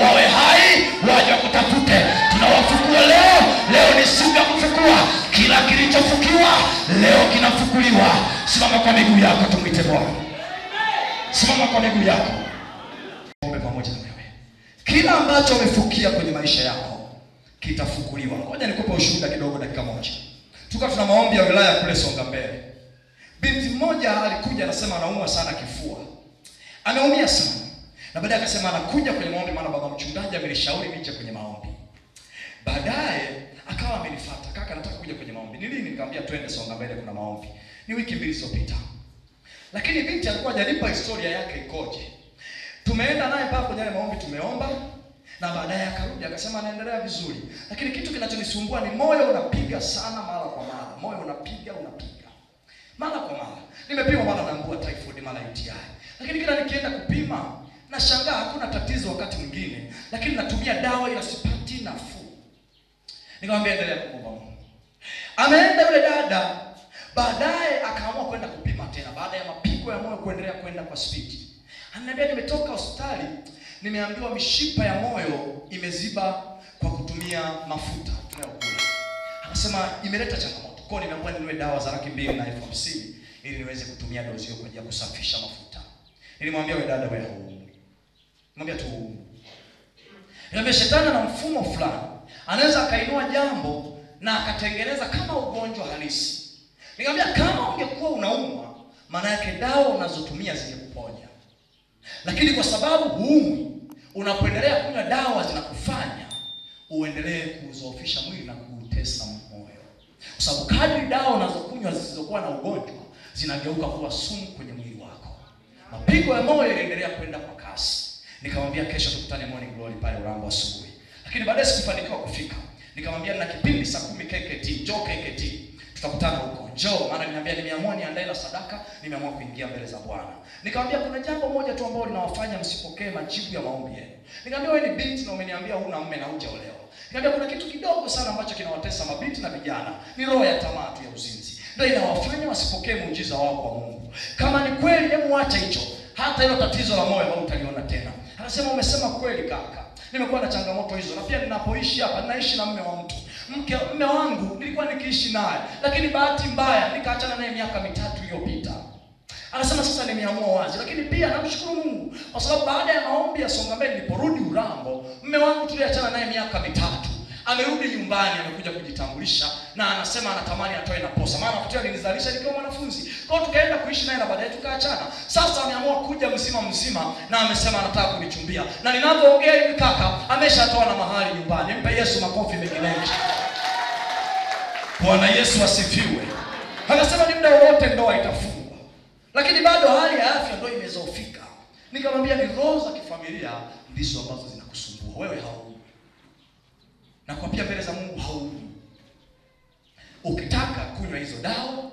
wawe hai, waje wakutafute. Tunawafukua leo, leo ni siku ya kufukua kila kilichofukiwa, leo kinafukuliwa. Simama kwa miguu yako, tumwite Bwana. Simama kwa miguu yako, ombe pamoja na wewe. Kila ambacho umefukia kwenye maisha yako kitafukuliwa. Ngoja nikupe ushuhuda kidogo, dakika moja. Tuka tuna maombi ya wilaya kule Songa Mbele, binti mmoja alikuja anasema anaumwa sana kifua, ameumia sana na baadaye akasema anakuja kwenye maombi, maana baba mchungaji amenishauri nije kwenye maombi. Baadaye akawa amenifuata, kaka, nataka kuja kwenye maombi. Ni lini? Nikamwambia twende Songa Mbele, kuna maombi. Ni wiki mbili zilizopita, lakini binti alikuwa hajanipa historia yake ikoje. Tumeenda naye pale kwenye maombi, tumeomba na baadaye akarudi akasema anaendelea vizuri, lakini kitu kinachonisumbua ni moyo unapiga sana mara kwa mara, moyo unapiga unapiga mara kwa mara. Nimepima mara naambua typhoid, mara UTI, lakini kila nikienda kupima Nashangaa hakuna tatizo wakati mwingine, lakini natumia dawa ila sipati nafuu. Nikamwambia endelea kuomba Mungu. Ameenda yule dada, baadaye akaamua kwenda kupima tena, baada ya mapigo ya moyo kuendelea kwenda kwa spidi. Ananiambia nimetoka hospitali, nimeambiwa mishipa ya moyo imeziba kwa kutumia mafuta tunayokula. Anasema imeleta changamoto kwao, nimeamua ninunue dawa za laki mbili na elfu hamsini ili niweze kutumia dozi hiyo kwa ajili ya kusafisha mafuta. Nilimwambia wewe dada, wewe Mwambia tu. Niambia shetani na mfumo fulani. Anaweza akainua jambo na akatengeneza kama ugonjwa halisi. Nikamwambia kama ungekuwa unaumwa, maana yake dawa unazotumia zingekuponya. Lakini kwa sababu huumwi, unapoendelea kunywa dawa zinakufanya uendelee kuzoofisha mwili na kuutesa moyo. Kwa sababu kadri dawa unazokunywa zisizokuwa na ugonjwa zinageuka kuwa sumu kwenye mwili wako. Mapigo ya moyo yanaendelea kwenda kwa kasi nikamwambia kesho tukutane Morning Glory pale Urambo asubuhi, lakini baadaye sikufanikiwa kufika. Nikamwambia na kipindi saa kumi KKT, njoo KKT, tutakutana huko, njoo, maana niambia, nimeamua niandae la sadaka, nimeamua kuingia mbele za Bwana. Nikamwambia kuna jambo moja tu ambalo linawafanya msipokee majibu ya maombi yenu. Nikamwambia wewe ni binti na umeniambia huna mume na hujaolewa. Nikamwambia kuna kitu kidogo sana ambacho kinawatesa mabinti na vijana, ni roho ya tamaa tu ya uzinzi, ndio inawafanya wasipokee muujiza wao kwa Mungu. Kama ni kweli, hebu acha hicho, hata hilo tatizo la moyo hautaliona tena. Anasema umesema kweli kaka, nimekuwa na changamoto hizo, na pia ninapoishi hapa ninaishi na mume wa mtu mke mume wangu nilikuwa nikiishi naye, lakini bahati mbaya nikaachana naye miaka mitatu iliyopita. Anasema sasa nimeamua wazi, lakini pia namshukuru Mungu kwa sababu baada ya maombi ya songa mbele, niliporudi Urambo, mume wangu tuliachana naye miaka mitatu amerudi nyumbani, amekuja kujitambulisha na anasema anatamani atoe na posa, maana wakati alinizalisha nikiwa mwanafunzi kwao, tukaenda kuishi naye na baadaye tukaachana. Sasa ameamua kuja mzima mzima, na amesema anataka kunichumbia, na ninavyoongea hivi kaka ameshatoa na mahali nyumbani. Mpe Yesu makofi mengi mengi. Bwana Yesu asifiwe. Akasema ni muda wowote ndoa itafungwa, lakini bado hali ya afya ndo imezofika. Nikamwambia ni roho za kifamilia ndizo ambazo zinakusumbua wewe, haujui nakwambia mbele za Mungu haujui Ukitaka kunywa hizo dawa,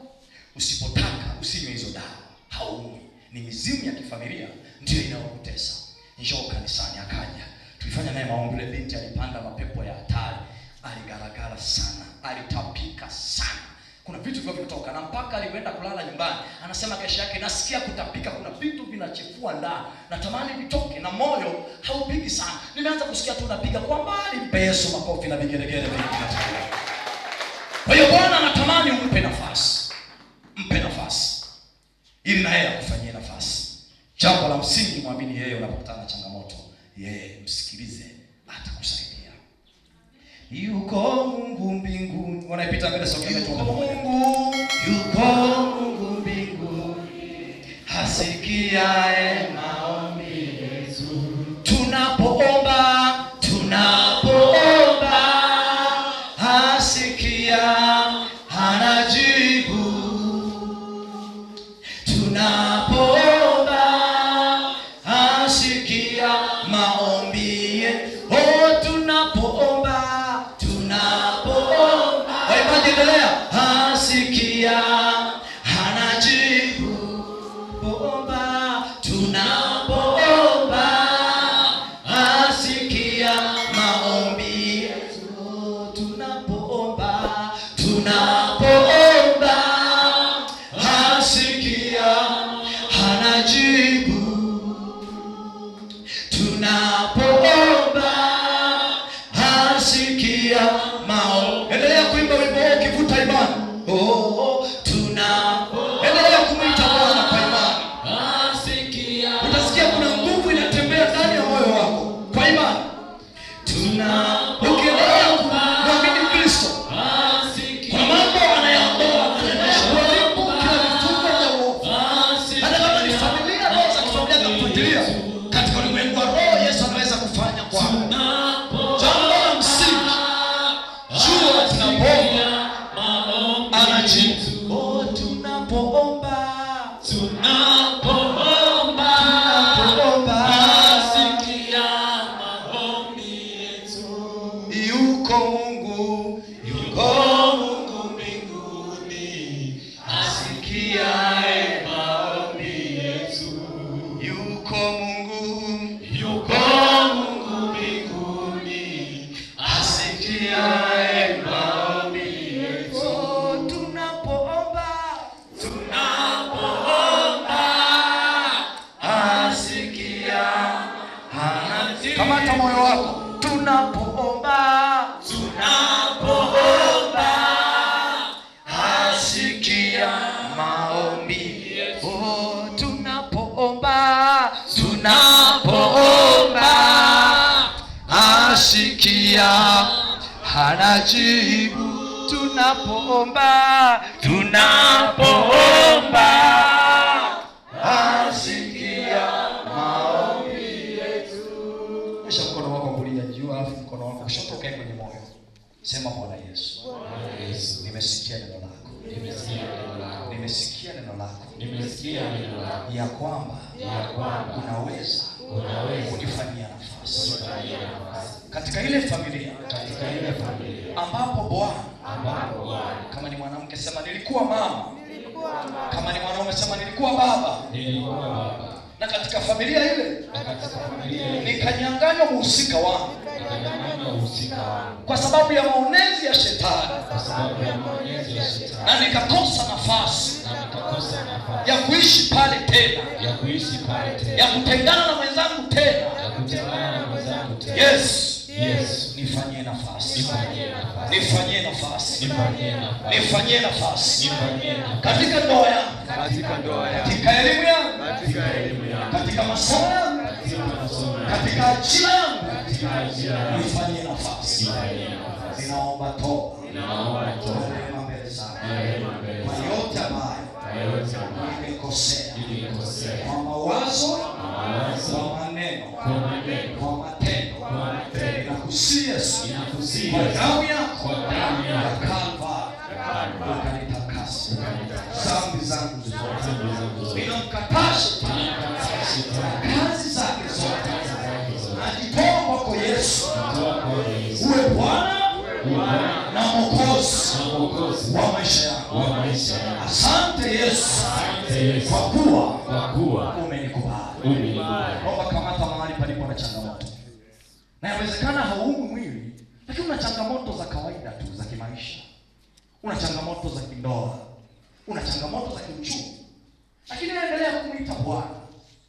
usipotaka usinywe hizo dawa, hauumi. Ni mizimu ya kifamilia ndio inayokutesa. Njoo kanisani. Akaja tulifanya naye maombi. Ile binti alipanda mapepo ya hatari, aligaragara sana, alitapika sana, kuna vitu vivyo vitoka na mpaka alipoenda kulala nyumbani anasema kesho yake, nasikia kutapika, kuna vitu vinachifua ndani, natamani vitoke, na moyo haupigi sana. Nimeanza kusikia tu unapiga kwa mbali. Mpe Yesu makofi na vigelegele vingi. Natamani umpe nafasi, mpe nafasi ili na yeye akufanyie nafasi. Jambo la msingi, mwamini yeye unapokutana na changamoto, yeye msikilize, atakusaidia. Yuko Mungu mbinguni, wanaipita mbele sokoni, yuko Mungu, yuko Mungu mbinguni, eh, Paradigma. moyo wako tunapoomba tunapoomba asikia maombi oh, tunapoomba tunapoomba asikia anajibu tunapoomba tunapoomba mkono wako kushoto kwenye moyo, sema Bwana Yesu, nimesikia neno lako, nimesikia neno lako, ya kwamba unaweza kujifanyia nafasi katika ile familia ambapo Bwana, kama ni mwanamke sema nilikuwa mama, kama ni mwanaume sema nilikuwa baba na katika familia ile nikanyang'anywa muhusika wangu mhusika kwa sababu ya maonezi ya shetani na nikakosa nafasi ya kuishi pale tena ya kutengana na mwenzangu tena yes Yes. nifanyie nafasi nifanyie nafasi nifanyie nafasi katika ndoa yangu katika elimu yangu katika masomo yangu katika ajira yangu nifanye nafasi, ninaomba toba kwa yote ambayo nimekosea kwa mawazo, kwa maneno, kwa matendo, nakusia kwa damu yako ya Kalvari ukanitakasa dhambi zangu zote, ninamkataa shetani na mwokozi wa maisha yako. Asante Yesu kwa kuwa umenikubali. Omba, kamata mahali palipo na changamoto, na yawezekana hauumwi mwili, lakini una changamoto za kawaida tu za kimaisha, una changamoto za kindoa, una changamoto za kiuchumi, lakini endelea kumwita Bwana.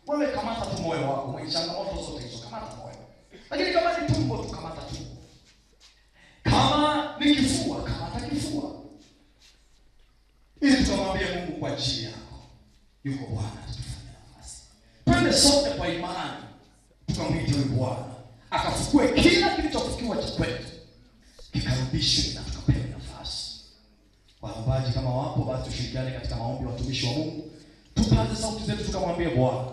Wewe kamata tu moyo wako mwenye changamoto zote hizo, kamata moyo lakini ili tutamwambia Mungu kwa ajili yako. Yuko Bwana atafanya nafasi. Twende sote kwa imani tukamwite huyu Bwana akafukue kila kilichofukiwa cha kwetu kikarudishwe na tukapewe nafasi. Waombaji kama wapo, basi tushirikiane katika maombi ya watumishi wa Mungu, tupaze sauti zetu tukamwambie Bwana.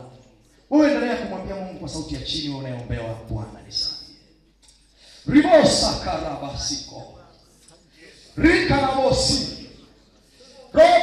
Wewe endelea kumwambia Mungu kwa sauti ya chini, wewe unayeombewa, Bwana nisaidie. Ribosa karabasiko rikarabosiko